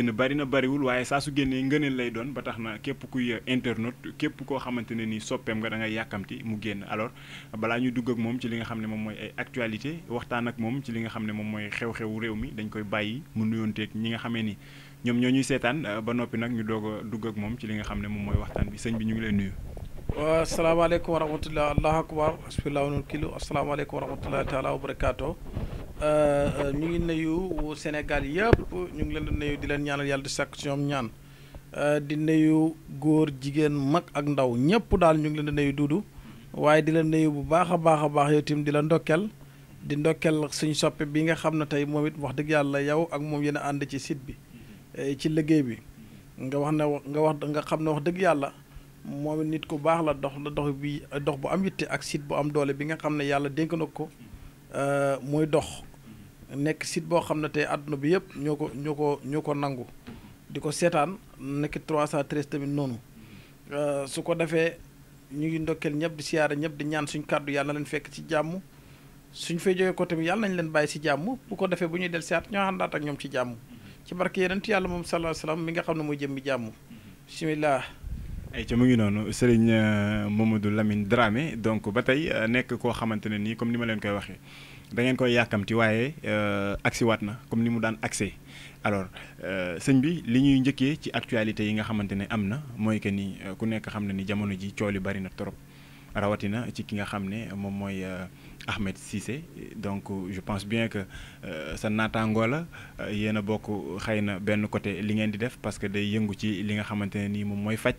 génn bari na bariwul waaye saa su génnee ngëneel lay doon ba tax na képp kuy euh, internaute képp koo xamante ne nii soppeem nga da ngay yàkkamti mu génn alors balaa ñu dugg ak moom ci li nga xam ne moom mooy ay actualité ak moom ci li nga xam ne moom mooy xew-xewu réew mi dañ koy bàyyi mu nuyoonteeg ñi nga xamee ni ñoom ñoo ñuy seetaan euh, ba noppi nag ñu doog dugg ak moom ci li nga xam ne moom mooy waxtaan bi sëñ bi ñu ngi lay nuyu. waaw asalaamaaleykum wa rahmatulah allah akbar bismillah kilo asalaamaaleykum wa rahmatulah taala wa barakaatu Euh, euh, ñu ngi nuyu senegal yëpp ñu ngi leen di nuyu di leen ñaanal yàlla di sàkk ci ñoom ñaan euh, di nuyu góor jigéen mag ak ndaw ñëpp daal ñu ngi leen di nuyu Duudu waaye di la nuyu bu baax a baax a baax yow tim di la ndokkel di ndokkel suñ soppe bi nga xam ne tey moom it wax dëgg yàlla yow ak moom yenn ànd ci site bi ci liggéey bi nga wax na nga wax nga xam ne wax dëgg yàlla moom nit ku baax la dox na dox bi dox bu am yitte ak site bu am doole bi nga xam ne yàlla dénk na ko mooy dox nekk sit boo xam ne tey àdduna bi yëpp ñoo ko ñoo ko ñoo ko nangu di ko seetaan nekk 313 tamit noonu euh, su ko defee ñu ngi ndokkeel ñëpp di siyaare ñëpp di ñaan suñ kàddu yàlla na leen fekk ci jàmm suñ fay jógee ko tamit yàlla nañ leen bàyyi si jàmm bu ko defee bu ñuy del siyaat ñoo àndaat ak ñoom ci jàmm ci barke yeneen yàlla moom sallallahu alayhi wasallam mi nga xam ne mooy jëmmi jàmm bismillah ay ca mu ngi noonu Serigne euh, Mamadou Lamine Dramé donc ba tey euh, nekk koo xamante ne nii comme ni ma leen koy waxee da ngeen koy yàkkamti waaye euh, agsi waat na comme ni mu daan agsee alors euh, sëñ bi li ñuy njëkkee ci actualité yi nga xamante ne am na mooy que ni euh, ku nekk xam na ni jamono ji cool yi bari na trop rawatina ci ki nga xam ne moom mooy Ahmed Cissé donc je pense bien que sa naataangoo la yéen a bokk xëy na benn côté li ngeen di def parce que day yëngu ci li nga xamante ne nii moom mooy faj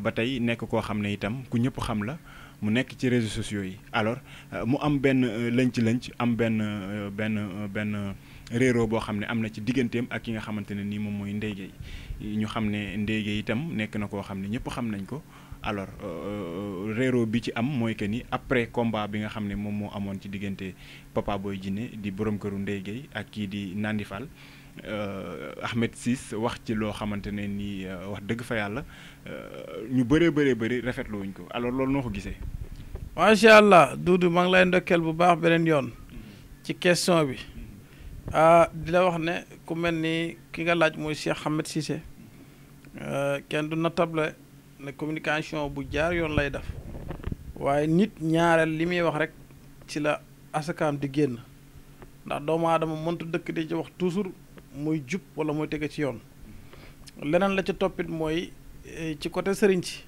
ba tey nekk koo xam ne itam ku ñëpp xam la. mu nekk ci réseaux sociaux yi alors euh, mu am benn euh, lënc-lënc am benn euh, benn benn réeroo boo xam ne am na ci digganteem ak ki nga xamante ne nii moom mooy Ndeye Gueye ñu xam ne Ndeye Gueye itam nekk na koo xam ne ñëpp xam nañ ko alors réeroo bi ci am mooy que ni après combat bi nga xam ne moom moo amoon ci diggante Papa Boy Djiné di borom këru ndege Gueye ak kii di Nandi Euh, Ahmed Ciss wax ci loo xamante ne nii euh, wax dëgg fa yàlla euh, ñu bëree bëree bëri rafetlu wuñ ko alors loolu noo ko gisee. macha allah Doudou maa ngi lay ndokkeel bu baax beneen yoon ci question bi mm-hmm. ah di la wax ne ku mel ni ki nga laaj mooy Cheikh Ahmed Cissé kenn du natable ne communication bu jaar yoon lay def waaye nit ñaareel li muy wax rek ci la asakaam di génn ndax doomu aadama mëntu dëkk di ci wax toujours. muy jub wala muy tege ci yoon leneen la ca toppit mooy eh, ci côté sëriñ si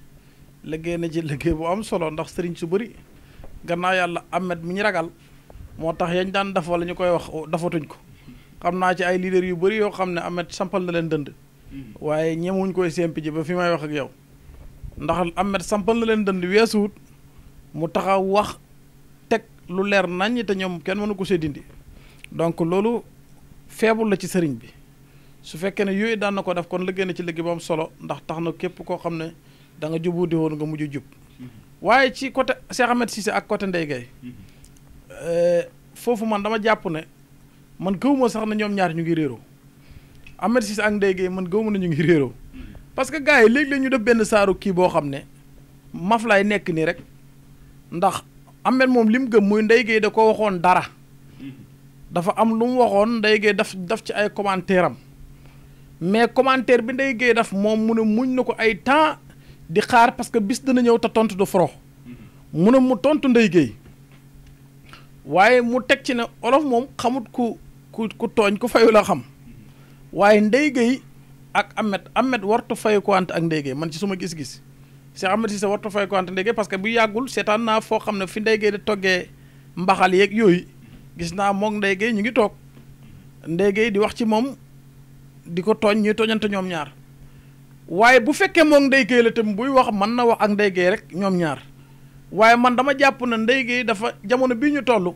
liggéey na ci liggéey bu am solo ndax sëriñ su bëri gannaaw yàlla amet mi ñu ragal moo tax yañ daan def walla ñu koy wax oh, dafatuñ ko xam naa ci ay leader yu bëri yoo xam ne amet sampal na leen dënd waaye ñemewuñ koy sempi ji ba fi may wax ak yow ndax amet sampal na leen dënd weesuwut mu taxaw wax teg lu leer naññ te ñoom kenn mënu ko see dindi loolu feebul la ci sëriñ bi su fekkee ne yooyu daan na ko def kon liggéey na ci léegi bu am solo ndax tax na képp koo xam ne da nga jubu di woon nga mujj jub waaye ci côté Cheikh Ahmed Cissé ak côté Ndeye Gueye euh, foofu man dama jàpp ne man gëwuma sax na ñoom ñaar ñu ngi réeroo Ahmed Cissé ak Ndeye Gueye man gëwuma na ñu ngi réeroo parce que gars yi léeg ñu def benn saaru kii boo xam ne maf laay nekk nii rek ndax Ahmed moom li mu gëm muy Ndeye Gueye da ko waxoon dara dafa am lu mu waxoon Ndeye Gueye daf daf ci ay commentaire am mais commentaire bi ndey Gueye daf moom mu ne ko ay temps di xaar parce que bis dina ñëw te tontu du forox mu ne mu tontu Ndeye géey waaye mu teg ci ne olof moom xamut ku ku ku tooñ ku fayu la xam waaye Ndeye Gueye ak Ahmed Ahmed wartu fayu ko wante ak Ndeye Gueye man ci suma gis-gis si Ahmed si sa wartu fayu ko wante Ndeye Gueye parce que bu yàggul seetaan naa foo xam ne fi Ndeye Gueye di toggee mbaxal yeeg yooyu gis naa moom Ndeye Gueye ñu ngi toog Ndeye Gueye di wax ci moom di ko tooñ ñuy tooñante ñoom ñaar waaye bu fekkee moom Ndeye Gueye la tam buy wax man na wax ak Ndeye Gueye rek ñoom ñaar waaye man dama jàpp na Ndeye Gueye dafa jamono bii ñu toll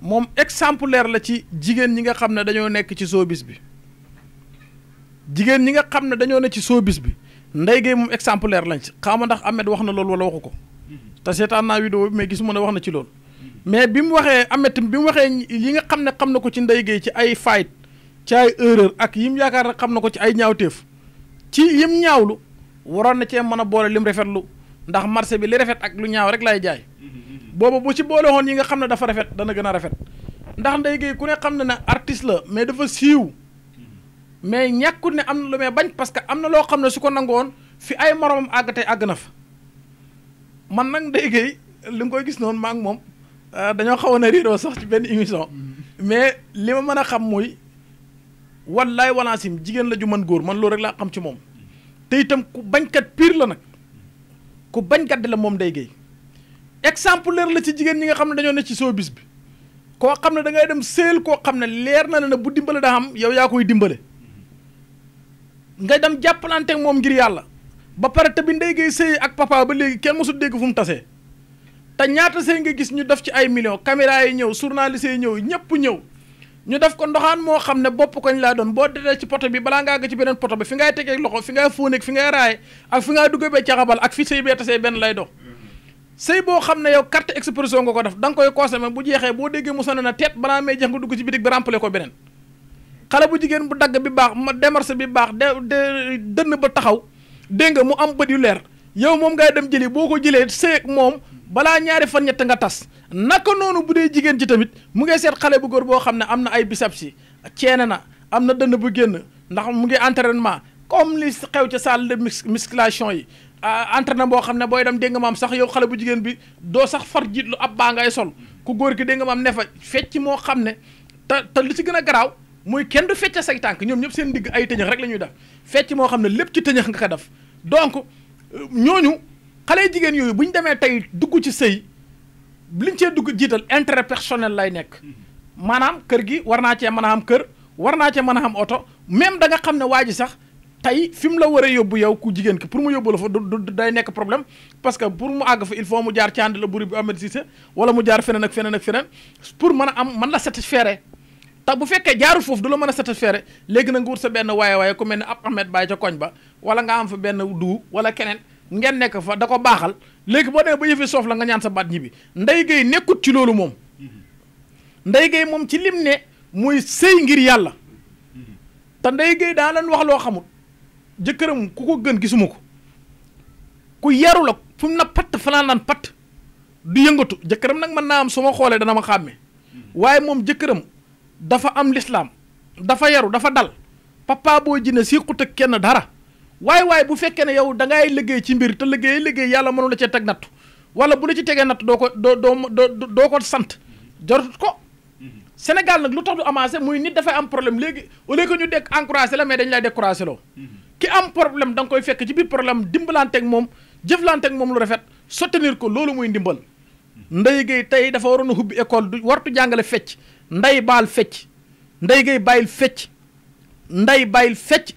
moom exemplaire la ci jigéen ñi nga xam ne dañoo nekk ci showbiz bi jigéen ñi nga xam ne dañoo ne ci showbiz bi Ndeye Gueye moom exemplaire lañ ci xaw ma ndax Ahmed wax na loolu wala waxu ko te seetaan naa vidéo bi mais gis mu ne wax na ci loolu. mais bi mu waxee amet bi mu waxee yi nga xam ne xam na ko ci Ndeye Gueye ci ay faayit ci ay erreur ak yim yaakaar na xam na ko ci ay ñaawteef ci yim ñaawlu waroon na cee mën a boole lim rafetlu ndax marché bi li rafet ak lu ñaaw rek lay jaay boobu bu ci boole woon yi nga xam ne dafa rafet dana gën a rafet ndax Ndeye Gueye ku ne xam na ne artiste la mais dafa siiw mais ñàkkul ne am na lu may bañ parce que am na loo xam ne su ko nangoon fi ay moromam àgg tey àgg na fa man nag Ndeye li nga koy gis noonu maa moom. Euh, dañoo xawoon a riiroo sax ci benn émission mm. mais li ma mën a xam mooy wallaay walaasim jigéen la ju mën góor man loolu rek laa xam ci moom te itam ku bañkat piir la nag ku bañkat di la moom day géey exemplaire la ci jigéen ñi nga xam ne dañoo ne ci showbiz bi koo xam ne da ngay dem seel koo xam ne leer na la ne bu dimbale daa am yow yaa koy dimbale nga dem jàppalanteek moom ngir yàlla ba pare te bi ndey géey sëy ak papa ba léegi kenn mosul dégg fu mu tasee te ñaata sëy nga gis ñu def ci ay million caméra yi ñëw journaliste yi ñëw ñëpp ñëw ñu def ko ndoxaan moo xam ne bopp koñ laa doon boo detee ci poto bi balaa nga ga ci beneen pot bi fi ngay tegee loxo fi ngay fóoneeg fi ngay raaye ak fi ngay dugge bee caxabal ak fi sëy bee tasee benn lay dox sëy boo xam ne yow carte expression nga ko def da nga koy consommé bu jeexee boo déggee mu sonné na teet balaa may jeex nga dugg ci bitig bi rempalé ko beneen xale bu jigéen bu dagg bi baax ma démarche bi baax de dënn ba taxaw dégg nga mu am bët yu leer yow moom ngay dem jëli boo ko jëlee sëy ak moom balaa ñaari fan ñett nga tas naka noonu bu dee jigéen ci tamit mu ngi seet xale bu góor boo xam ne am na ay bisab si ceene na am na dënn bu génn ndax mu ngi entraînement comme li xew ci salle de musculation yi entraînement boo xam ne booy dem dégg nga maam sax yow xale bu jigéen bi doo sax far jiitlu ab baa ngay sol ku góor ki dégg nga maam ne fa fecc moo xam ne te te li ci gën a garaaw muy kenn du fecc say tànk ñoom ñëpp seen digg ay tëñëx rek la ñuy def fecc moo xam ne lépp ci tëñëx nga ko def donc euh, ñooñu. xale yi jigéen yooyu bu ñu demee tey dugg ci sëy liñ cee dugg jiital intérêt personnel lay nekk mm-hmm. maanaam kër gi war naa cee mën a am kër war naa cee mën a am oto même da nga xam ne waa ji sax tey fi mu la war a yóbbu yow ku jigéen ki pour mu yóbbu la fa du day nekk problème parce que pour mu àgg fa il faut mu jaar cànd la buri bu Ahmed Cissé wala mu jaar feneen ak feneen ak pour mën a am mën la satisfaire te bu fekkee jaarul foofu du la mën a satisfaire léegi na nga wut benn waaye waaye ku mel ne ab Ahmed Baye ca koñ ba wala nga am fa benn du wala keneen ngeen nekk fa da ko baaxal léegi boo demee ba yëfee soof la nga ñaan sa baat ñibbi Ndeye Gueye nekkut ci loolu moom Ndeye Gueye moom ci lim ne muy sëy ngir yàlla te Ndeye Gueye daa leen wax loo xamul jëkkëram ku ko gën gisuma ko ku yaru la fu mu na patt fanaan patt du yëngatu jëkkëram nag mën naa am suma xoolee dana ma xàmme waaye moom jëkkëram dafa am lislaam dafa yaru dafa dal papa boo jine siixut ak kenn dara waaye waaye bu fekkee ne yow da ngay liggéey ci mbir te liggéey liggéey yàlla mënu la cee teg natt wala bu la ci tegee natt doo ko doo doo doo ko sant jarut ko. Sénégal nag lu tax du avancé muy nit dafay am problème léegi au lieu que ñu dégg encouragé la mais dañ lay découragé loo. ki am problème da koy fekk ci biir poroblème dimbalanteeg moom jëflanteeg moom lu rafet soutenir ko loolu muy ndimbal. Ndeye Gueye tey dafa waroon na ubbi école du wartu jàngale fecc nday baal fecc Ndeye Gueye bàyyil fecc nday bàyyil fecc.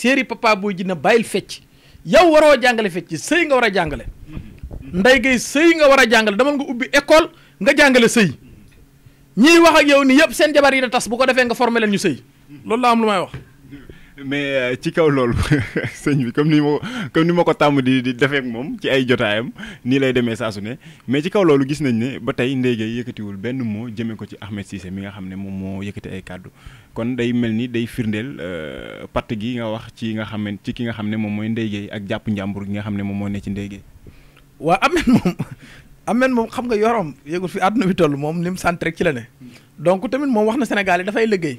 séeri papa booy jinne bàyyil fecc yow waroo jàngale fecc sëy nga war a jàngale nday gay sëy nga war a jàngale damal nga ubbi école nga jàngale sëy ñiy wax ak yow ni yëpp seen jabar yi ne tas bu ko defee nga forme leen ñu sëy loolu la am lu may wax mais euh, ci kaw loolu sëñ bi comme ni ma ni ma ko tàmm di di defeek moom ci ay jotaayam nii lay demee saa su ne mais ci kaw loolu gis nañ ne ba tey Ndeye Gueye yëkkatiwul benn moo jëmee ko ci Ahmed Cissé mi nga xam ne moom moo yëkkati ay kàddu kon day mel ni day firndeel euh, patt gi nga wax ci nga xam ne ki nga xam ne moom mooy Ndeye Gueye ak jàpp njàmbur gi nga xam ne moom moo ne ci Ndeye Gueye waa Ahmed moom Ahmed moom xam nga yorom yëgul fi àdduna bi toll moom li mu sant rek ci la hmm. donc tamit moom wax na Sénégal dafay liggéey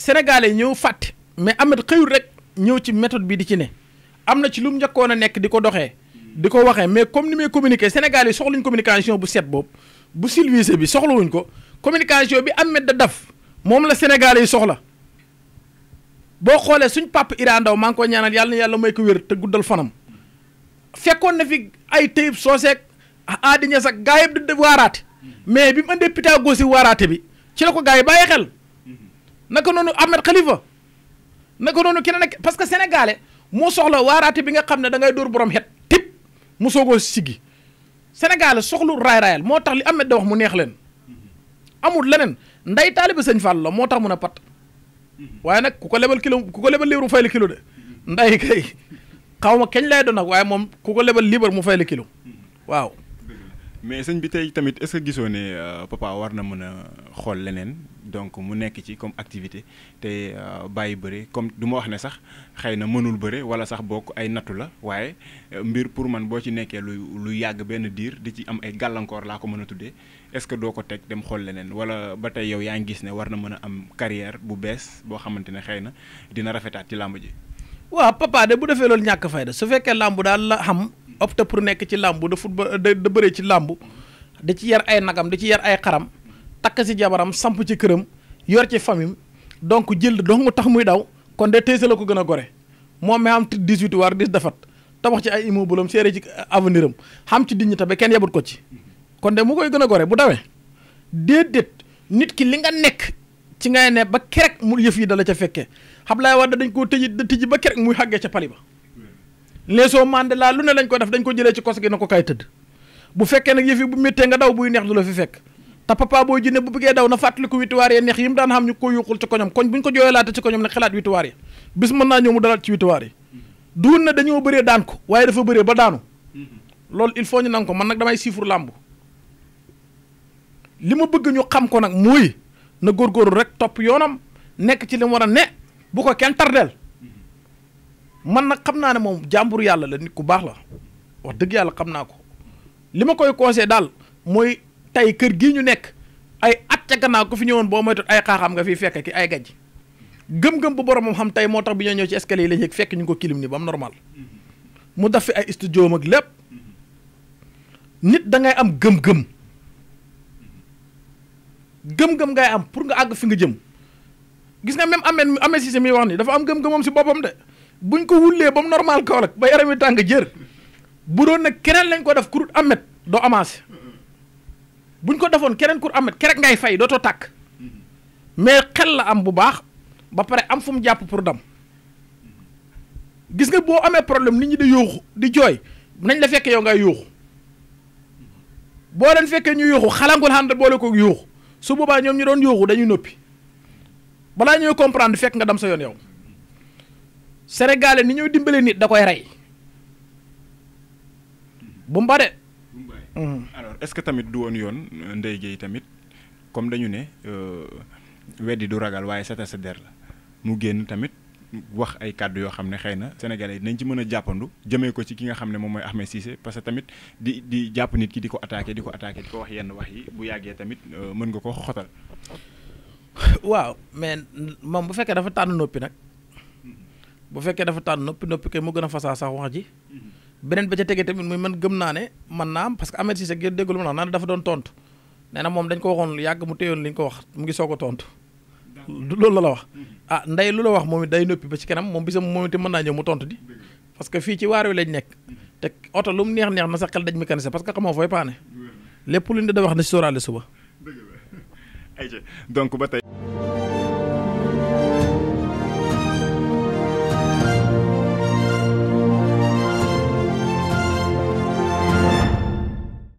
sénégalais ñëw fàtte mais Ahmed xëyul rek ñëw ci méthode bi di ci ne am na ci lu njëkkoon a nekk di ko doxee di ko waxee mais comme ni muy communiquer sénégalais soxluñ communication bu set boobu bu silvisé bi soxlawuñ ko communication bi Ahmed da daf moom la sénégalais yi soxla boo xoolee suñ papa Iran Ndao maa ngi ñaanal yàlla yàlla may ko wér te guddal fanam fekkoon na fi ay tëyib sooseek aadiña sax gaa yëpp di waaraate mais bi mu andee Pythagore si waaraate bi ci la ko gaa yi bàyyi xel naka noonu Ahmed Khalifa naka noonu keneen ak parce que sénégalais moo soxla waaraate bi nga xam ne da ngay dóor borom xet tip mu soogoo siggi sénégalais soxlu raay-raayal moo tax li Ahmed da wax mu neex leen amul leneen nday taaliba sëñ Fall la moo tax mun a pat waaye nag ku ko lebal kilo ku ko lebal libre mu fay la kilo de nday kay xaw ma kañ lay doon nag waaye moom ku ko lebal libre mu fay la kilo waaw. mais sëñ bi tey tamit est gisoo ne euh, papa war na mën a xool leneen donc mu nekk ci comme activité te euh, bàyyi bëre comme du ma wax ne sax xëy na mënul bëre wala sax bokk ay nattu la waaye euh, mbir pour man boo ci nekkee lu lu yàgg benn diir di ci am ay gàllankoor laa ko mën a tuddee est-ce que doo ko teg dem xool leneen wala ba tey yow yaa ngi gis ne war na mën a am carrière bu bees boo xamante ne xëy na dina rafetaat ci làmb ji. waaw papa de bu defee loolu ñàkk da su fekkee làmb daal la xam opte pour nekk ci làmb de football de bëre ci làmb da ci yar ay nagam da ci yar ay xaram. takk ci jabaram samp ci këram yor ci famille donc jël dong mu tax muy daw kon de téese la ko gën a gore moom mi am 18 war dis defat tabax ci ay immeuble am seere ci avenir am xam ci dignité ba kenn yebut ko ci kon de mu koy gën a gore bu dawee déedéet nit ki li nga nekk ci ngay ne ba kerek mu yëf yi dala ca fekkee xam Abdoulaye da dañ koo tëj da tëji ba kerek muy xàggee ca pali ba Nelson Mandela lu ne lañ ko def dañ ko jëlee ci kos gi na ko kaay tëdd bu fekkee nag yëf yi bu méttee nga daw buy neex du la fi fekk te papa booy jinne bu bëggee daw na fàttaliku wituwaar yi neex yi mu daan xam ko yuuxul ci ko jooyalaate ci koñom ne xalaat wituwaar yi bis mën naa ñëw mu dalal ci wituwaar yi duun daan ko waaye dafa bëree ba daanu loolu il faut ñu nang ko man nag damay siifur làmb ma bëgg ñu xam ko nag mooy na góorgóorlu rek topp yoonam nekk ci li mu a ne bu ko kenn tardeel man nag xam naa ne moom jàmbur yàlla la nit ku baax la wax dëgg yàlla xam naa ko li ma koy conseillé daal mooy tey kër gii ñu nekk ay at ca gannaaw ku fi ñëwoon boo moytu ay xaaxaam nga fiy fekk ki ay gajj gëm-gëm bu boromam xam tey moo tax bi ñoo ñëw ci escalier yi la ñu fekk ñu ko kilim ni ba mu normal mu def fi ay studio am ak lépp nit am gëm-gëm gëm-gëm ngay am pour nga àgg fi nga jëm gis nga même amee amee si mi wax ni dafa am gëm-gëmam si boppam de buñ ko wullee ba mu normal kaw rek ba yaram wi tàng jër bu doon nag keneen lañ ko def kurut amet doo amancé bu buñ ko defoon keneen kur amat kerek ngay fay dootoo tàkk mais xel la am bu baax ba pare am fu mu jàpp pour dam gis nga boo amee problème nit ñi di yuuxu di jooy nañ la fekkee yow ngay yuuxu boo leen fekkee ñu yuuxu xalangul xànd boole ko yuuxu su boobaa ñoom ñu doon yuuxu dañuy noppi balaa ñuy comprendre fekk nga dem sa yoon yow sénégalais ni ñuy dimbale nit da koy rey bu mba Mm-hmm. alors est-ce que tamit du woon yoon euh, Ndeye Gueye tamit comme dañu ne euh, weddi du ragal waaye seta sa la mu génn tamit wax ay kàddu yoo xam ne xëy na sénégalais yi nañ ci mën a jàppandu jëmee ko ci ki nga xam ne moom mooy Ahmed Cissé parce que tamit jàpp nit ki di ko attaqué di ko attaqué di wax yenn wax yi bu yàggee tamit euh, mën nga ko xotal. waaw mais bu fekkee dafa tànn noppi nag mm-hmm. bu fekkee dafa tànn noppi noppi kay mu gën a fasaa wax ji. Mm-hmm. beneen ba ca tegee tamit muy man gëm naa ne man naa am parce que Ahmed Cissé gi déggul ma naa ne dafa doon tontu nee moom dañ ko waxoon yàgg mu téyoon li ñu ko wax mu ngi soog a tontu la la wax ah nday lu la wax moom day noppi ba ci kanam moom bisam moom itam mën naa ñëw mu tontu di fii ci waar wi lañ nekk oto lu mu neex neex na sa xel daj mécanicien parce que xamoo fooy paane lépp lu ñu da wax na si sóoraale suba donc ba tey